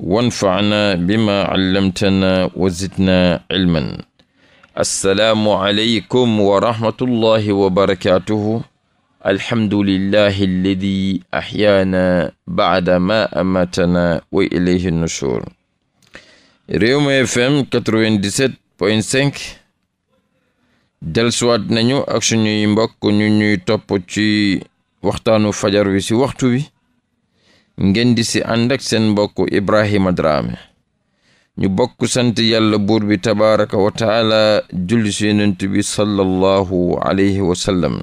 wanfacna bima callamtana wa zidna cilman assalaamu aleykum wa rahmatullahi wa barakatuhu alhamdulillahi alladi axyaana bacda ma amatana wa ilayhi nushur Rewmi FM 97.5 delsuwaat nañu ak suñuy mbokk ñu ñuy topp ci waxtaanu fajar wi ci waxtu wi ngeen di si ànd ak seen mbokk Ibrahima ñu bokk sant yàlla buur bi tabaraka wa taala julli si yonent bi sallallahu alayhi wa sallam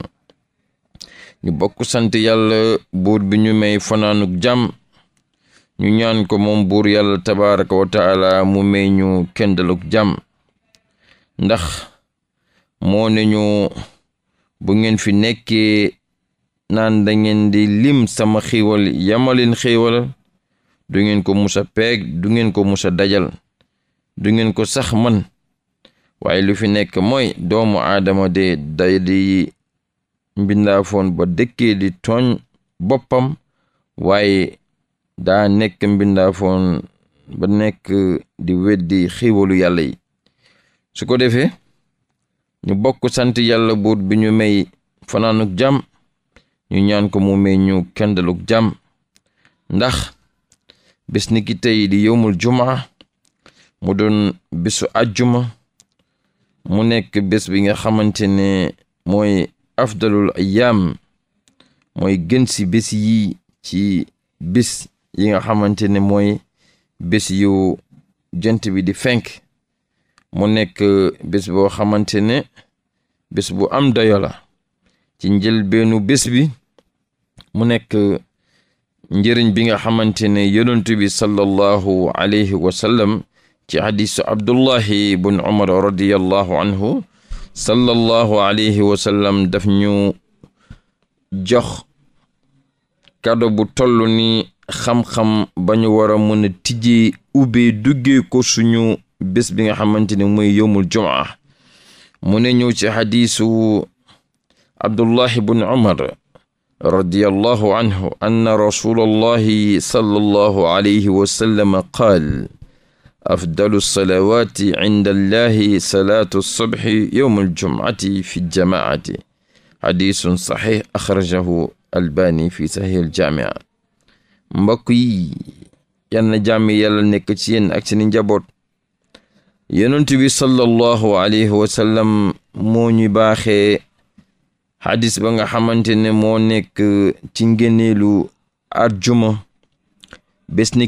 ñu bokk sant yàlla buur bi ñu may fanaanug jàmm ñu ñaan ko moom buur yàlla tabaraka wa mu may ñu kendaluk jàmm ndax moo ñu bu ngeen fi nekkee naan dangeen di lim sama xéewal yamaleen xéewalal du ngeen ko musa peeg du ngeen ko musa dajal du ngeen ko sax man waaye lu fi nekk mooy doomu aadama de day di mbindaafoon ba dëkkee di tooñ boppam waaye daa nekk mbindaafoon ba nekk di weddi xéewalu yàlla yi su ko defee ñu bokk sant yàlla buur bi ñu may fanaanuk jàmm ñu ñaan ko mu may ñu kendaluk jàmm ndax bis ni tey di yowmul jumaa mu doon bisu ajjuma mu nekk bés bi nga xamante ne mooy afdalul ayam mooy gën si bés yi ci bés yi nga xamante ne mooy bés yu jant bi di fenk mu nekk bés boo xamante ne bés bu am dayo ci njëlbeenu bés bi mu nekk njëriñ bi nga xamante ne yonent bi sallallahu alayhi wa sallam ci hadisu abdullahi bun umar radiallahu anhu sallallahu alayhi wa daf ñu jox kado bu toll ni xam-xam ba ñu war a mën a tijjee ubbee duggee ko suñu bés bi nga xamante ne mooy yowmul jumaa mu ne ñëw ci hadisu abdullahi bun umar radiyallahu anhu anna rasulallahi sallallahu alayhi wa sallam qaal afdalu salawaati inda allahi salaatu subhi yowma aljumcati fi ljamaati xadisun saxix axrajahu albaani fi saxix aljaamia mbokk yi yann jàmmi yàlla nekk ci yéen ak seeni njaboot yonent bi sallallahu alayhi wa sallam moo ñu baaxee xadis ba nga xamante ne moo nekk uh, ci ngëneelu arjuma bés ni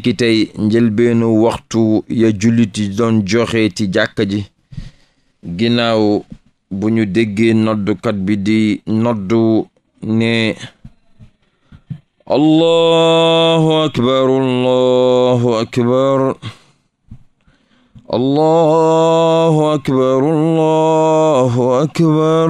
njëlbeenu waxtu ya jullit yi doon joxe ci jàkka ji ginnaaw bu ñu déggee noddukat bi di noddu ne allahu akbar allahu akbar allahu akbar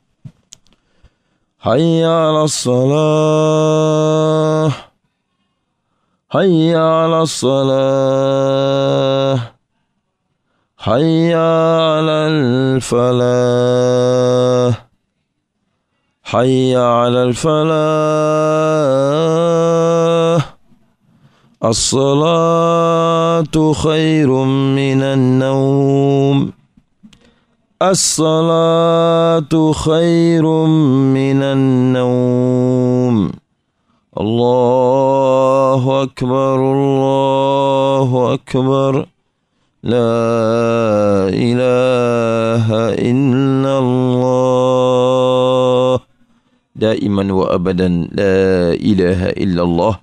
حي على الصلاة حي على الصلاة حي على الفلاح حي على الفلاح الصلاة خير من النوم الصلاة خير من النوم الله أكبر الله أكبر لا إله إلا الله دائما وأبدا لا إله إلا الله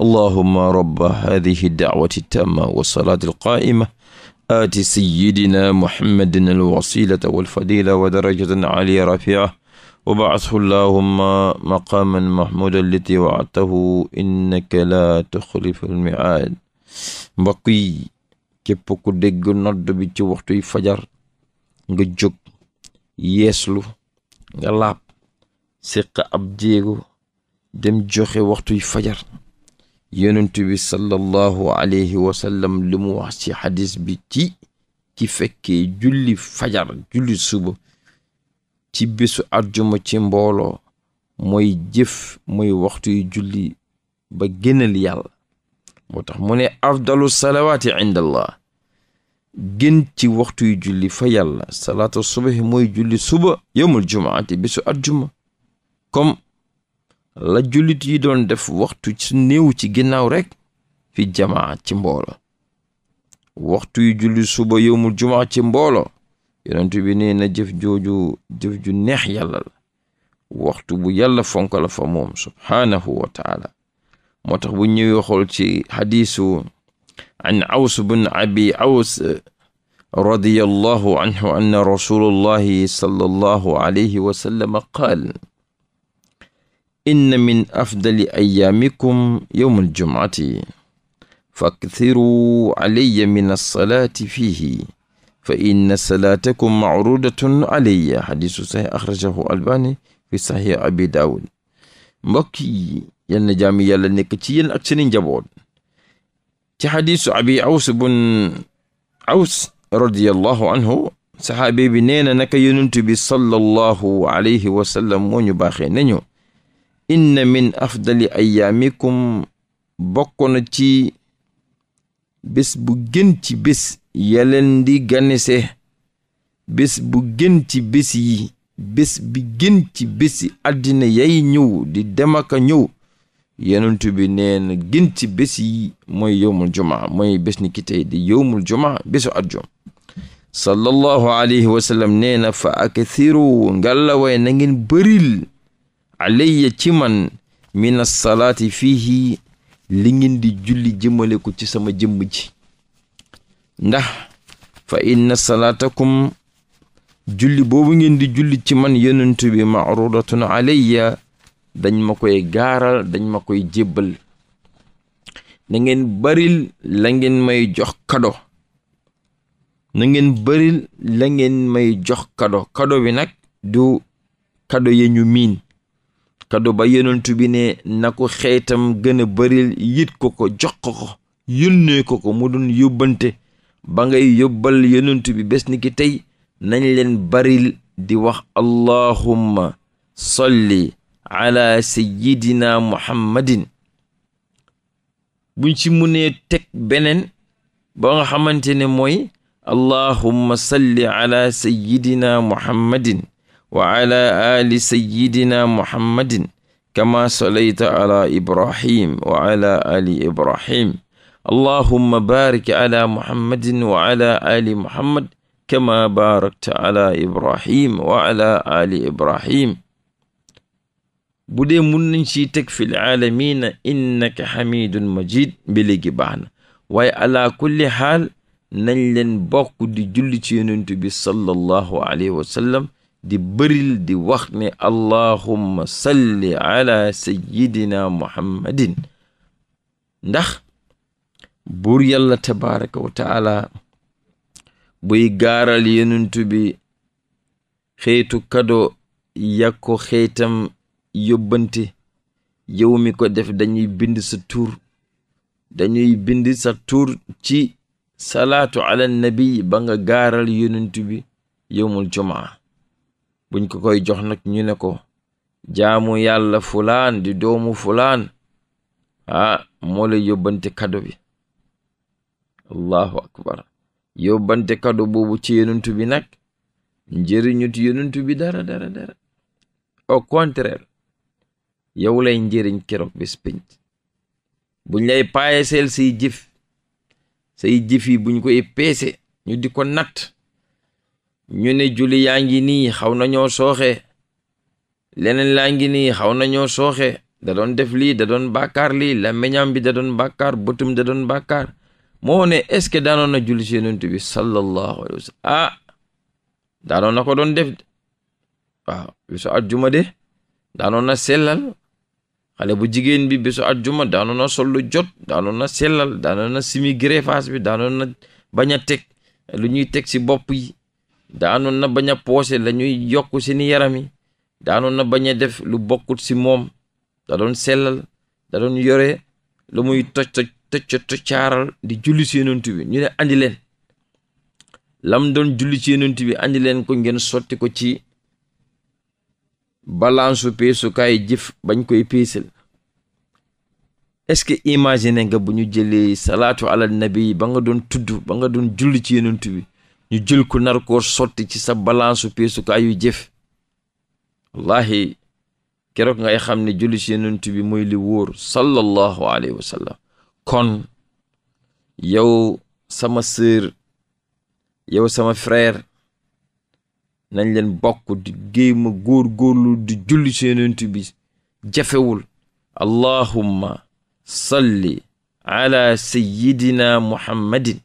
اللهم رب هذه الدعوة التامة والصلاة القائمة aati sayidina muhammadin alwasilata walfadila wa darajatan aliya rafia wa baathu llahumma maqaman mahmuudan lati waatahu innaka laa tuxlifu almiaad mbokk yi képp ku dégg nodd bi ci waxtuy fajar nga jóg yeeslu nga laab séq ab jéego dem joxe waxtuy fajar yonent bi sallallahu alayhi wa sallam li mu wax ci xadis bi ci ci fekkee julli fajar julli suba ci bésu àjjuma ci mbooloo moy jëf moy waxtu yu julli ba gënal yàlla moo tax mu ne afdalu salawaati inda allah gën ci waxtu yu julli fa yàlla salaatu subahi mooy julli suba yowmul jumaati bésu àjjuma comme la jullit yi doon def waxtu ci néew ci ginnaaw rek fi jamaa ci mboolo waxtu yu julli suba yowmul jumaa ci mboolo yonent bi nee jëf jooju jëf ju neex yàlla la waxtu bu yàlla fonk la fa moom subhaanahu wa moo tax bu ñëwee xool ci xadiisu an aws bun abi aws radiyallahu anhu anna rasulullahi sallallahu alayhi wa qaal inna min afdali ayaamikum yowm aljumaati fakthiruu alayya min alsalaati fiihi fa inna salaatakum macrudatun alayya xadiisu saxix axrajahu albani fi saxix abi daawud mbokk yi yal na jaami yàlla nekk ci yéen ak seeni njaboot ci xadiisu abi aws bun aws radiallahu anhu saxaabe bi nee na naka yonent bi sallallahu alayhi wa sallam moo ñu baaxee nañu inna min afdali ayaamikum bokk na ci bés bu gën ci yalen yaleen di ganese bés bu gën ci bés yi bés bi gën ci bési àddina yay ñëw di dem ak a ñëw yenentu bi nee na gën bés yi mooy yowmul jumaa mooy bés ni ki di yomul jumaa bésu àjjuma sallallahu alayhi wa sallam fa akathiru ngalla way na alayya ci man mina salaati fiihi li ngeen di julli jëmale ko ci sama jëmm ji ndax fa inna salaatakum julli boobu ngeen di julli ci man yonent bi ma maarudatun alayya dañ ma koy gaaral dañ ma koy jébbal na ngeen baril la ngeen may jox kado na ngeen baril la ngeen may jox kado kado bi nag du kado ye miin kado ba yonentu bi ne na ko xeetam gëna a baril yit ko ko jox ko ko ko ko mu doon yóbbante ba ngay yóbbal yonentu bi bés ni ki tey nañ leen baril di wax allahumma solli ala sayyidina muhammadin buñ ci munee teg beneen ba nga xamante ne mooy allahumma salli ala sayyidina muhammadin wa ala ali sayyidina muhammadin kama salayta ala ibrahim wa ali ibrahim allahumma barik ala muhammadin wa ali muhammad kama barakta ala ibrahim wa ali ibrahim bu dee mun nañ ci teg fil aalamiina innaka majid ba léegi baax na waaye ala kulli xaal nañ leen bokk di julli ci yonent bi sallallahu alayhi wa di bëril di wax ne allahumma salli ala sayyidina muhammadin ndax buur yàlla tabaraka wa ala buy gaaral yenuntu bi kado yag ko xeetam yóbbante yow ko def dañuy bind sa dañuy bindi sa tuur ci salaatu ala nabi ba nga gaaral yenuntu bi yowmul jumaa buñ ko koy jox nag ñu ne ko jaamu yàlla fulaan di doomu fulaan ah moo la kado bi allahu akbar yóbbante kado boobu ci yenentu bi nag njëriñut yenentu bi dara dara dara contraire yow lay njëriñ keroog bis pénc buñ lay paayeseel say jëf say yi buñ koy peese ñu di ko natt ñu ne julli yaa ngi nii xaw nañoo sooxe leneen laa ngi nii xaw nañoo sooxe da doon def lii da doon bàkkaar lii làmmiñam bi da doon bàkkaar bëtum da doon bàkkaar moo ne est-ce que daanoon na juli si yonent bi sallallahu alayhi wa sallam ah daanoon na ko doon def waaw bisu àjjuma de daanoon na sellal xale bu jigéen bi bisu àjjuma daanoon na sol lu jot daanoon na sellal daanoon na simi greffage bi daanoon na bañ a teg lu ñuy teg si bopp yi daanoon na bañ a poose la ñuy yokk seeni yaram yi daanoon na bañ def lu bokkut si moom da doon sellal da doon yore lu muy toj toj di julli ci yonent ñu ne andi leen lam doon julli ci yonent bi andi leen ko ngeen sotti ko ci balansu peesukaay jif bañ koy peesal est-ce que imagine nga bu ñu jëlee salaatu ala nabi ba nga doon tudd ba nga doon julli ci yonent bi ñu jël ko sotti ci sa balance peesukaayu jëf wallahi keroog ngay xam ne julli si yonent bi mooy li wóor sallallahu alayhi wa kon yow sama sœur yow sama frère nañ leen bokk di géema góor góorlu di julli si yonent bi jafewul allahumma salli ala sayyidina muhammadin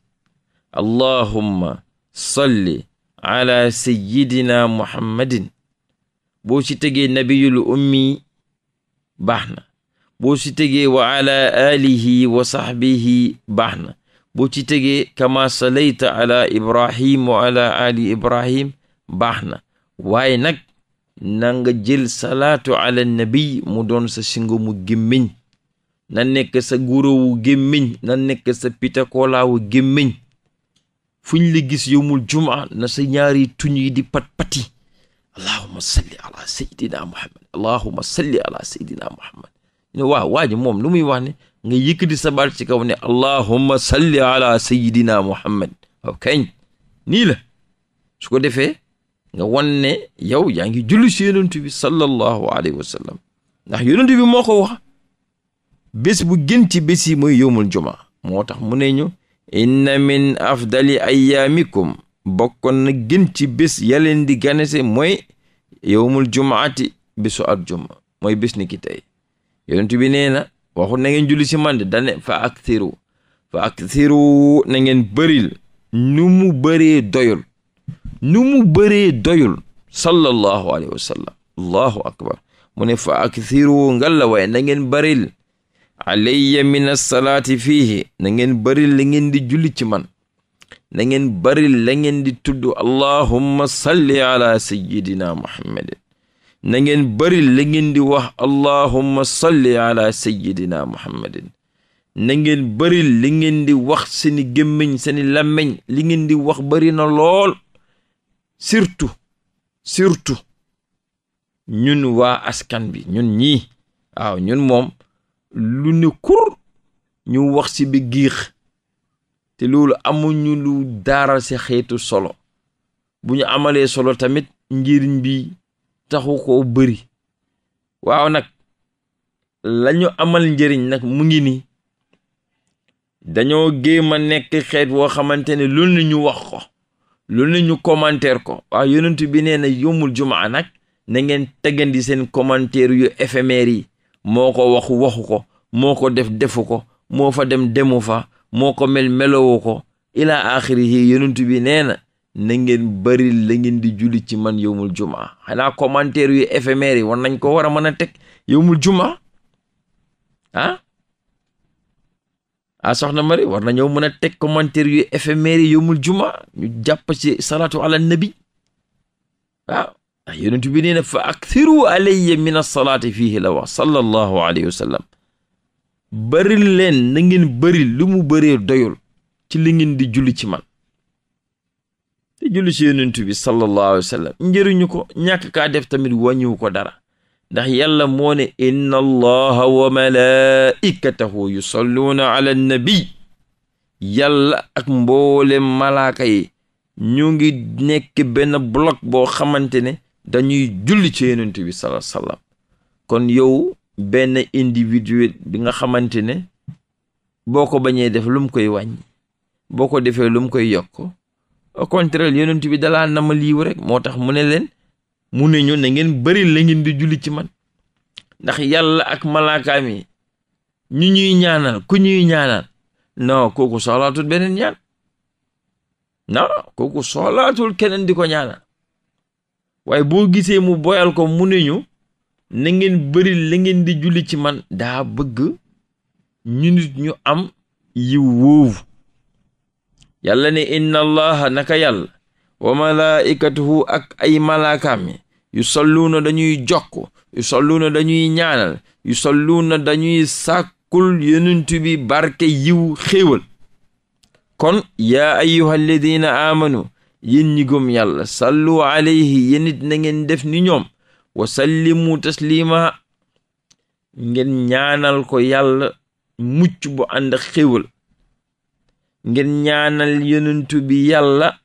allahumma solli ala sayyidina muhammadin boo ci tegee nabiyul ummi baax na boo ci tegee wa ala alihi wa sahbihi baax na boo ci tegee kama salayta ala ibrahim wa ala ali ibrahim baax na waaye nag na nga jël salaatu ala nabi mu doon sa singo mu gémmiñ na nekk sa gurawu gémmiñ na nekk sa pitakolaawu gémmiñ fu ñu la gis yowmul jumaa na sa ñaari tuñ yi di pat pati allahuma salli ala sayidina muhammad allahuma salli ala sayidina muhammad ne waaw waa ji moom lu muy wax ne nga yëkkati sa baat ci kaw ne allahuma salli ala sayidina muhammad waaw kañ nii la su ko defee nga wan ne yow yaa ngi julli si yonent bi sallallahu alayhi wa sallam ndax yonent bi moo ko wax bés bu gën ci bés yi mooy yowmul jumaa moo tax mu ne ñu inna min afdali ayyaamikum bokkoon na gën ci bés yaleen di ganese mooy yowmul jumaati bésu àjjuma mooy bés ni ki tey yonent bi nee na waxu na ngeen julli si mande dane fa akthiru fa akthiru na ngeen bëril nu mu bëree doyul nu mu bëree sallallahu alayhi wa allahu akbar mu ne fa akthiru ngalla waaye na ngeen bëril alayya min assalaati fiihi na ngeen bari la ngeen di julli ci man na bari la ngeen di tudd allahumma salli ala sayyidina muhammadin na ngeen bari la ngeen di wax allahumma salli ala sayyidina muhammadin na ngeen bari li ngeen wax seeni gémmiñ seeni làmmiñ li ngeen di wax bari na lool surtout surtout ñun waa askan bi ñun ñii waaw ñun moom lu ni kur ñu wax si giix te loolu amuñu lu dara si xeetu solo bu ñu amalee solo tamit njëriñ bi taxu ko bëri waaw nag lañu amal njëriñ nag mu ngi ni dañoo géem a nekk xeet woo xamante ne loolu na ñu wax ko loolu na ñu commentaire ko waaw yonent bi nee na yomul jumaa nag na ngeen tegandi seen commentaire yu éphémère yi moo ko wax waxu ko moo ko def defu ko moo fa dem demu fa moo ko mel melowu ko ila axirihi yonent bi nee na na ngeen bari la ngeen di julli ci man yowmul jumaa xanaa commentaire yu éphémère yi war nañ ko war a mën a teg yowmul jumaa ah, ah soxna Mari nañoo mën a teg commentaire yu éphémère yi yowmul jumaa ñu jàpp ci salaatu ala nabi ah? ndax yonent bi nee na fa akthiru alayya min assalaati fiihi la wax sallallahu alayhi wa sallam bëril leen na ngeen bëri lu doyul ci li ngeen di julli ci man te julli ci yonent bi sallallahu alayhi wa sallam ko ñàkk def tamit wàññiwu ko dara ndax yàlla moo ne inna allaha wa malaikatahu yusalluuna ala nabi yàlla ak mboolem malaaka yi ñu ngi nekk benn bloc boo xamante ne dañuy julli ci yonent bi sallallahu alayhi wasallam kon yow benn individu bi nga xamante ne boo ko bañee def lu koy wàññi boo ko defee lu mu koy yokko au contraire yonent bi dalaa nama liiw rek moo tax mu ne leen mu ne ñu na ngeen bari la di julli ci man ndax yàlla ak malaakaam ñu ñuy ñaanal ku ñuy ñaanal na kooku soxlaatul beneen ñaan non kooku soxlaatul keneen di ko ñaanal waaye boo gisee mu boyal ko mu ne ñu na ngeen bëri la di julli ci man daa bëgg ñu ñu am yiw woowu yàlla ne inna allaha naka yàlla wa malaikatuhu ak ay malaakaam yi yu salluuna dañuy jokk yu na dañuy ñaanal yu salluuna dañuy sàkkul yonent barke yiw xéewal kon yaa ayyuha alladina amanu yéen ñi gëm yàlla sallu alayhi yéen it na ngeen def ni ñoom wa sallimu taslima ngeen ñaanal ko yàlla muccu bu ànd ak xéwal ñaanal yonentu bi yàlla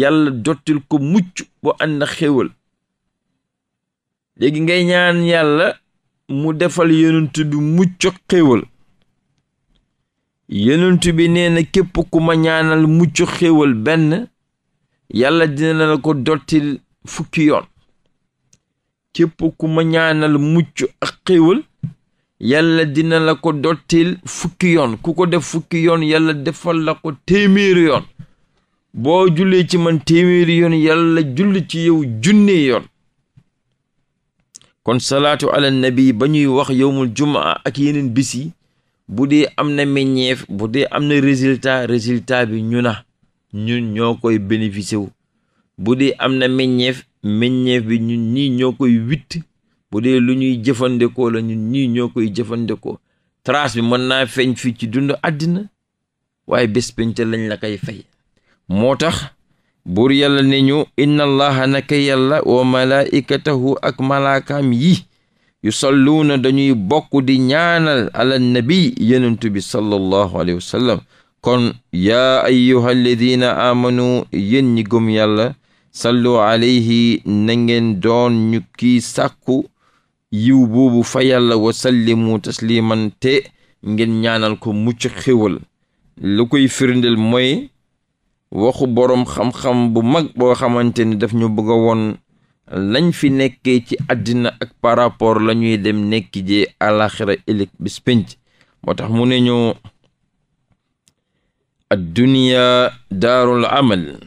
yàlla dottil ko mucc bu ànd ak xéwal léegi ngay ñaan yàlla mu defal yonentu bi mucc xéwal yonentu bi nee képp ku ma ñaanal mucc xéwal benn yàlla dina ko dottil fukki yoon képp ku ñaanal mucc ak xéewal yàlla dina la ko dottil fukki yoon ku ko def fukki yoon yàlla defal la ko téeméeri yoon boo jullee ci man téeméeri yoon yàlla julli ci yow junne yoon kon salaatu ala nabi ba ñuy wax yowmul jumaa ak yeneen bis bu dee am na meññeef bu dee am na résultat résultat bi ñu na ñun ñoo koy bénéficier wu bu dee am na meññeef meññeef bi ñun ñii ñoo koy witt bu dee lu ñuy jëfandikoo la ñun ñii ñoo koy jëfandikoo trace bi mën naa feeñ fii ci dund àddina waaye bés pénc lañ la fay moo tax buur yàlla ne ñu inna allaha naka yàlla wa malaikatahu ak malaakaam yi yu salluuna dañuy bokk di ñaanal ala nabi yenentu bi sallallahu alayhi wa kon yaa ayyuha alladina amanu yéen ñi gëm yàlla sallu alayhi na ngeen doon ñu kii sàkku yiw boobu fa yàlla wa sallimu tasliman ngeen ñaanal ko mucc xéwal lu koy firndeel mooy waxu boroom xam-xam bu mag boo xamante ni daf ñu bëgg a woon lañ fi nekkee ci àddina ak par lañuy dem nekki jee àlaxira ëllëg bis pénc tax mu ne ñu adduniya daarul amal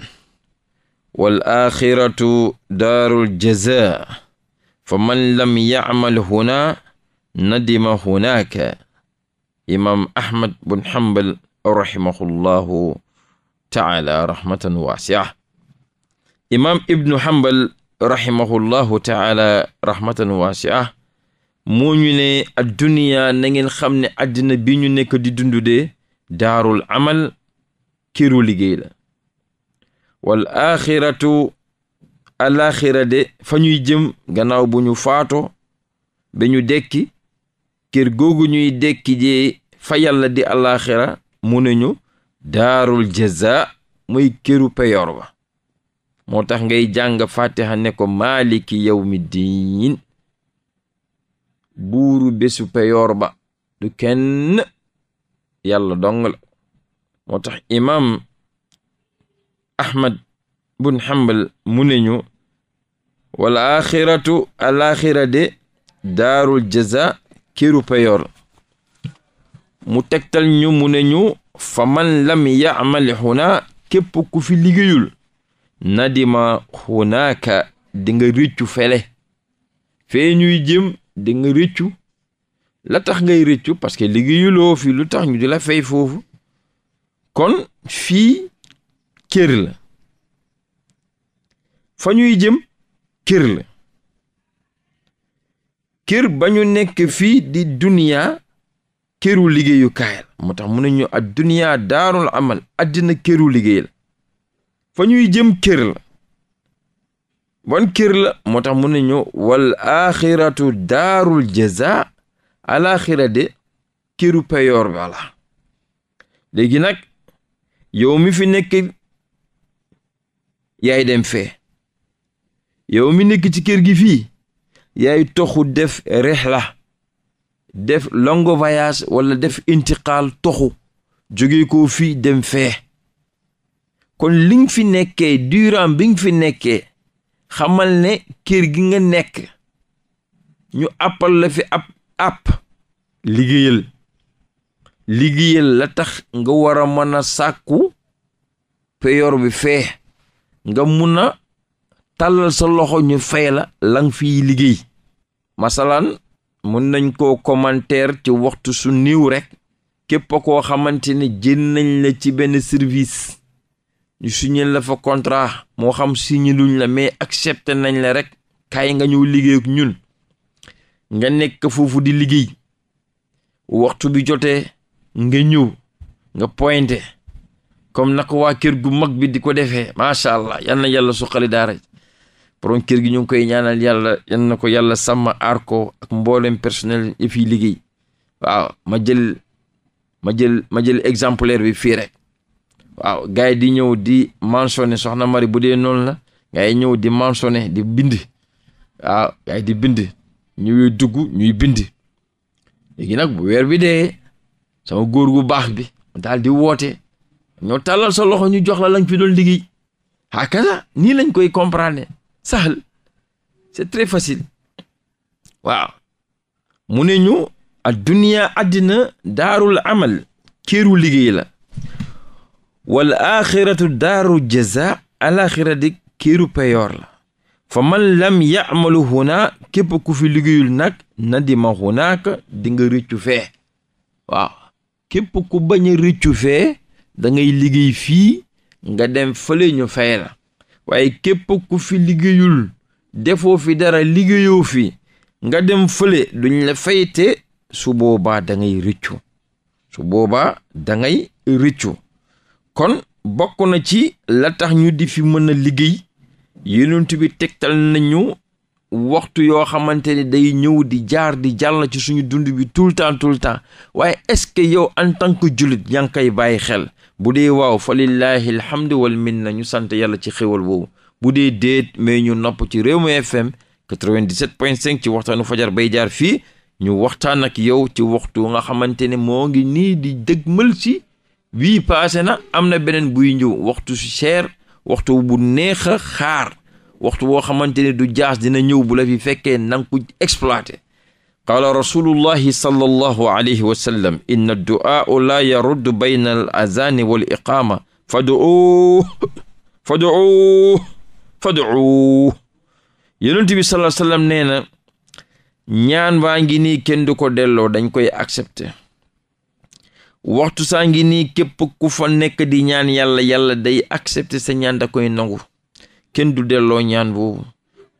wal axiratu daarul jaza fa man lam yaamal huna nadima hunaaka imaam ahmad bun hambal rahimahullahu taala rahmatan waasia imaam ibnu hambal rahimahullahu taala rahmatan waasia moo ñu ne adduniya xam ne àddina bi ñu nekk di dundu de daarul amal kiru liggéey la wal axiratu alaxira de fa ñuy jëm gannaaw bu ñu faato ba ñu dekki kër googu ñuy dekki jee fa yàlla di alaxira mu ne ñu daarul jaza muy këru peyor ba moo tax ngay jàng fatiha ne ko maaliki mi diin buuru bésu peyor ba du kenn yàlla dong la moo tax imaam ahmad bun hambal mu ne ñu wal axiratu al de daarul jaza kiru payoor mu tegtal ñu mu ne ñu fa man lam yaamal xuna képp ku fi liggéeyul nadima xunaaka di nga rëccu fele fee ñuy jëm di nga riccu la tax ngay riccu parce que liggéeyuloo fi lu tax ñu di la fay foofu kon fii kër la fa ñuy jëm kër la kër bañu nekk fii di duniya këru liggéeyukaay la moo tax mu ne daarul amal àddina këru liggéey la fa ñuy jëm kër la bon kër la moo tax mu ne ñu wal axiratu daarul jaza alaxira de këru payoor ba la léegi nag yow mi fi nekk yaay dem fee yow mi nekk ci kër gi fii yaay toxu def rihla def long voyage wala def intiqaal toxu jóge ko fii dem fee kon li fi nekkee durant bi nga fi nekkee xamal ne kër gi nga nekk ñu appal la fi ab app liggéeyal liggéeyal la tax nga war a mën a sàkku peyor bi fee nga mun a tàllal sa loxo ñu fay la lang fii liggéey masalaan mun nañ koo komanteer ci waxtu su niiw rekk képp koo xamante ne jën nañ la ci benn service ñu ñën la fa contrat moo xam signé luñ la mais accepté nañ la rek kaay nga ñëw liggéey ak ñun nga nekk foofu di liggéey waxtu bi jotee nga ñëw nga pointé comme na ko waa kër gu mag bi di ko defee macha allah yal na yàlla suqali daara borom kër gi ñu ngi koy ñaanal yàlla yal na ko yàlla sama arko ak mboolem personel yi fiy liggéey waaw ma jël ma jël ma jël exemplaire bi fii rek waaw gars yi di ñëw di mentionné soxna Mari bu dee noonu la gars yi di mentionné di bind waaw gars di bind ñuy dugg ñuy bind léegi nag bu weer bi dee. sama góor gu baax bi daal di woote ñoo tàllal sa loxo ñu jox la lañ fi doon liggéey hakaza nii lañ koy comprendre sahl c'est très facile waaw mu ne ñu adduniya àddina daarul amal kéeru liggéey la walla axiratu daaru jaza alaxira di kéeru payoor la fa man lam yamalu huna képp ku fi liggéeyul nag na di ma hunaaka di nga fee képp ku bañ a rëccu fee da liggéey fii nga dem fële ñu fay la waaye képp ku fi liggéeyul defoo fi dara liggéeyoo fii nga dem fële duñ la fayte su boobaa da rëccu su boobaa da ngay rëccu kon bokk na ci la tax ñu di fi mën a liggéey yonent bi tegtal nañu waxtu yoo xamante ni day ñëw di jaar di jàll ci suñu dund bi tout le temps tout le temps waaye est-ce que yow en tant que jullit yaa ngi bàyyi xel bu dee waaw fa lillahi alhamdu wal minna ñu sant yàlla ci xéwal boobu bu dee déet mais ñu nopp ci Rewmi FM 97.5 ci waxtaanu fajar bay jaar fii ñu waxtaan ak yow ci waxtu nga xamante ne moo ngi nii di dëgmal si bii paase na am na beneen buy ñëw waxtu si cher waxtu bu neex a xaar waxtu woo xamante ne du jaas dina ñëw bu la fi fekkee nanga exploité qaala rasulullahi sallallahu alayhi wa sallam inna du'aa la yaruddu bayna al azani wal iqaama fad'u fad'u fad'u yonent bi sallallahu alayhi wa nee na ñaan baa ngi ni kenn du ko delloo dañ koy accepté waxtu saa ngi ni képp ku fa nekk di ñaan yàlla yàlla day accepté sa ñaan da koy nangu kenn du delloo ñaan boobu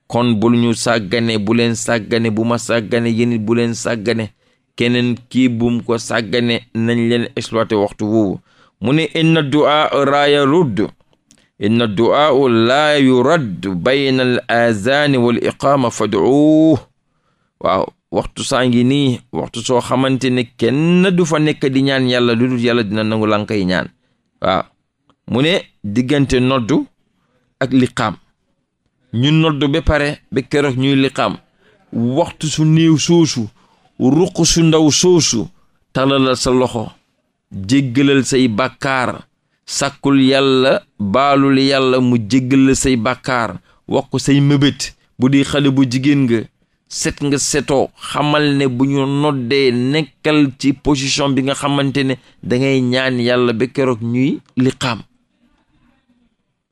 kon bul ñu sàggane bu leen sàggane bu ma sàggane yéen bu leen sàggane keneen kii bum ko sàggane nañ leen exploité waxtu boobu mu ne inna du'a la yarud inna du'a la yurad bayna al azani wal iqama fad'u waaw waxtu saa ngi nii waxtu soo xamante ne kenn du fa nekk di ñaan yàlla lu dul yàlla dina nangu lankay ñaan waaw mu diggante noddu ak liqaam ñu nodd ba pare ba keroog ñuy liqaam waxtu su néew soosu ruq su ndaw soosu talalal sa loxo jéggalal say bàkkaar sàkkul yàlla baalul yàlla mu jéggalal say bàkkaar wax ko say mëbét bu di xale bu jigéen nga set nga setoo xamal ne bu ñu noddee nekkal ci position bi nga xamante ne dangay ñaan yàlla ba keroog ñuy liqaam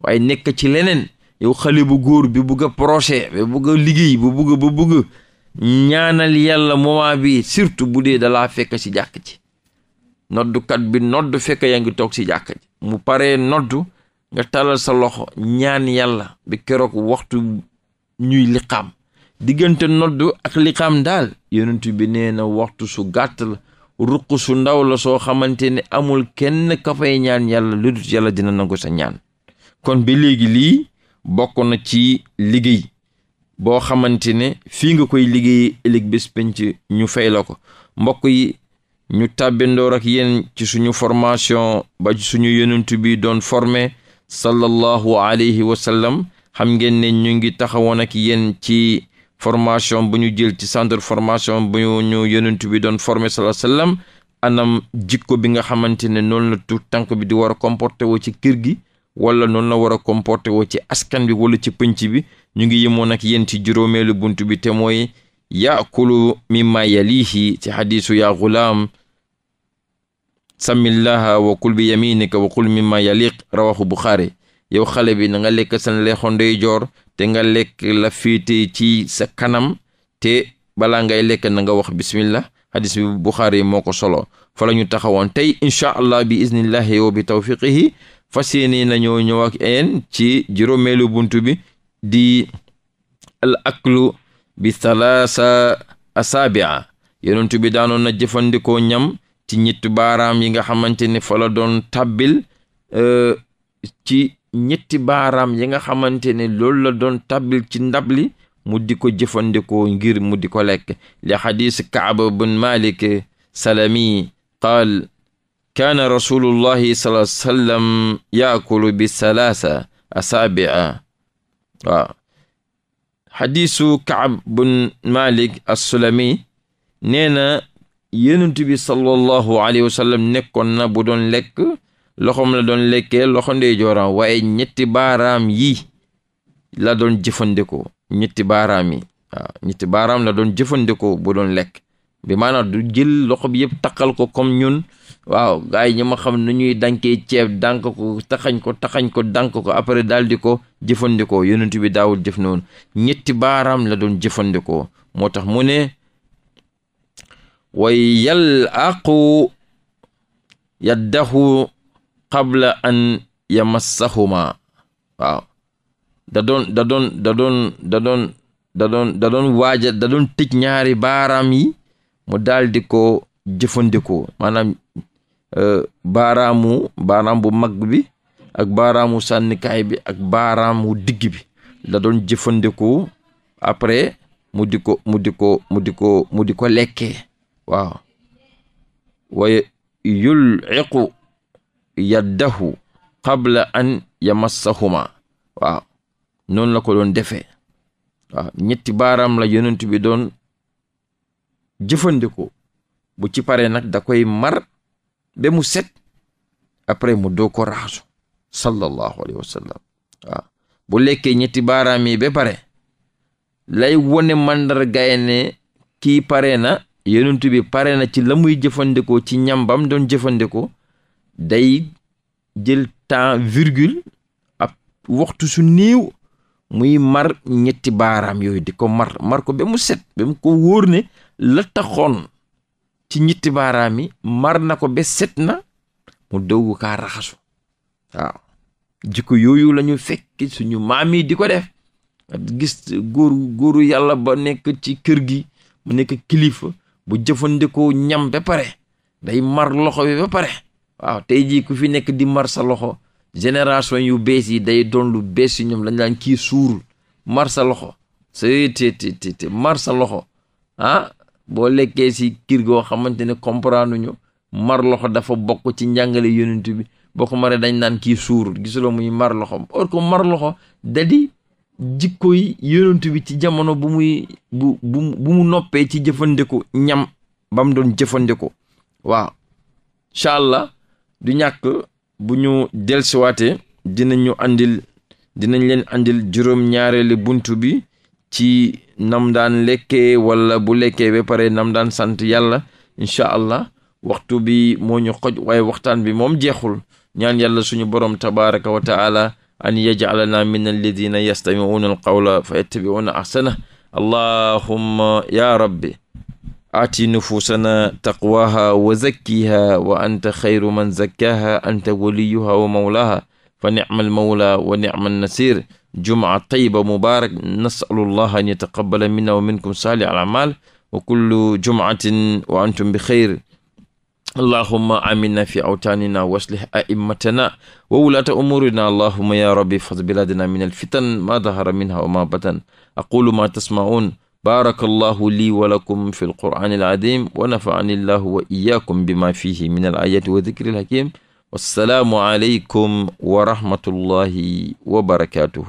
waaye nekk ci leneen yow xale bu góor bi bugga a projet bi bugg a liggéey bu bugg ba bugg ñaanal yàlla moment bi surtout bu dee dalaa fekk ci jàkk ji noddukat bi nodd fekk yaa ngi toog ci jàkk ji mu pare noddu nga talal sa loxo ñaan yàlla bi keroog waxtu ñuy liqaam diggante noddu ak liqaam daal yonent bi nee na waxtu su gàtt la ruq su ndaw la soo xamante ne amul kenn ka fay ñaan yàlla lu dul yàlla dina nangu sa ñaan kon bi léegi lii bokk na ci liggéey boo xamante ne fii nga koy liggéey ëllëg bés penc ñu fay la ko mbokk yi ñu tàbbandoor ak yéen ci suñu formation ba suñu yonent bi doon formé sallallahu alayhi wa sallam xam ngeen ne ñu ngi taxawoon ak yéen ci formation bu ñu jël ci centre formation bu ñu yonent bi doon formé sallallahu alayhi wa sallam anam jikko bi nga xamante ne noonu la tuut tànk bi di war a comporté woo ci kër gi wala noonu la war a comporté woo ci askan bi wala ci pënc bi ñu ngi yemoon ak yéen ci juróomeelu bunt bi te mooy yaakulu mimma yalihi ci xadiisu yaa gulaam samillaha wa kul bi yaminika wa kul mimma yaliq rawahu buxaari yow xale bi na nga lekk sa loxo ndeyjoor te nga lekk la féete ci sa kanam te balaa ngay lekk na nga wax bismillah hadis bi buxaari moo ko solo fa ñu taxawoon tey incha allah bi iznillahi wa bi tawfiqihi fas yéene nañoo ñëw ak ci juróomeelu bunt bi di al aklu bi salaasa asaabia yonent bi daanoon na jëfandikoo ñam ci ñetti baaraam yi nga xamante ne fa la doon tàbbil euh, ci ñetti baaraam yi nga xamante ne loolu la doon tàbbil ci ndab li mu ko jëfandikoo ngir mu di ko lekk li xadiis kaab bun malik salami qaal kaana rasulullahi sallallahu alayhi wa bi salaasa asaabia waaw xadiisu kaab bun malik assulami nee na yenentu bi sallallahu alayhi wa sallam nekkoon na bu doon lekk loxom la doon lekkee loxo ndeyjooram waaye ñetti baaraam yi la doon jëfandikoo ñetti baaraam yi waaw ñetti baaraam la doon jëfandikoo bu doon lekk bi maanaam du jël loxo bi yëpp taqal ko comme ñun waaw gars yi ñi ma xam nu ñuy dànkee ceeb dànk ko taxañ ko taxañ ko dànk ko après daal di ko jëfandikoo yonent bi daawul jëf noonu ñetti baaraam la doon jëfandikoo moo tax mu ne way yal aqu yaddahu qabla an yamassahuma waaw da doon da doon da doon da doon da doon ñaari baaraam yi mu daal di ko jëfandikoo maanaam Euh, baaraamu baaraam bu mag bi ak baaraamu sànnikaay bi ak baaraamu digg bi da doon jëfandiku après mu di ko mu di ko mu di ko mu di ko lekkee waaw waaye yulciqu yaddahu qabla an yamassahuma waaw noonu la ko doon defe waaw ñetti baaraam la yonent bi doon jëfandikoo bu ci paree nag da koy mar ba mu set après mu doo ko raxasu sallallahu alayhi wa sallam waaw lekkee ñetti baaraam yi ba pare lay wone màndargaay ne kii pare na yonent bi pare na ci la muy jëfandikoo ci ñambam doon jëfandikoo day jël temps virgule ab waxtu su néew muy mar ñetti baaraam yooyu di ko mar mar ko ba mu set ba mu ko wóor ne la taxoon ci ñitti baaraam yi mar na ko ba set na mu doogu kaa raxasu waaw jikko yooyu la fekk suñu maam yi di ko def gis góor góoru yàlla ba nekk ci kër gi mu nekk kilifa bu jëfandikoo ñam ba pare day mar loxo bi ba pare waaw tey jii fi nekk di marsa loxo génération yu bees yi day doon lu bees si ñoom lañ daan kii suur mar loxo sa te te te mar loxo ah boo lekkee si kir goo xamante ne comprendre ñu mar loxo dafa bokk ci njàngale yonent bi boo ko maree dañ naan kii suur gisuloo muy mar or que mar loxo da yi yonent bi ci jamono bu muy mu noppee ci jëfandiku ñam ba doon jëfandiku waaw incha allah du ñàkk bu ñu delsiwaatee dinañu andil dinañ leen andil juróom-ñaareeli buntu bi ci nam daan lekkee wala bu lekkee ba pare nam daan sant yàlla incha allah waxtu bi moo ñu xoj waaye waxtaan bi moom jeexul ñaan yàlla suñu borom tabaraka wa taala an yajalana min alladina yastamiuna alqawla fa yattabiuna ahsana allahumma ya rabbi aati nufusana taqwaha wa zakkiha wa anta xayru man zakkaha anta waliyuha wa mawlaha fa nicma almawla wa nicma annasir jumaa tayba mubarak nasalullah an yataqabala minna wa minkum salih al amal wa kullu jumaatin wa antum bi xeyr allahuma amina fi awtaanina wa aslih aimmatana wa wulaata umuurina allahuma ya rabbi fas biladina min alfitan ma dahara minha wa ma batan aqulu ma tasmaun baraka allahu lii wa lakum fi alqur'ani aladim wa nafaani allahu wa iyakum bima fihi min alayati wa dikri alhakim wassalaamu aleykum wa rahmatullahi wa barakatuhu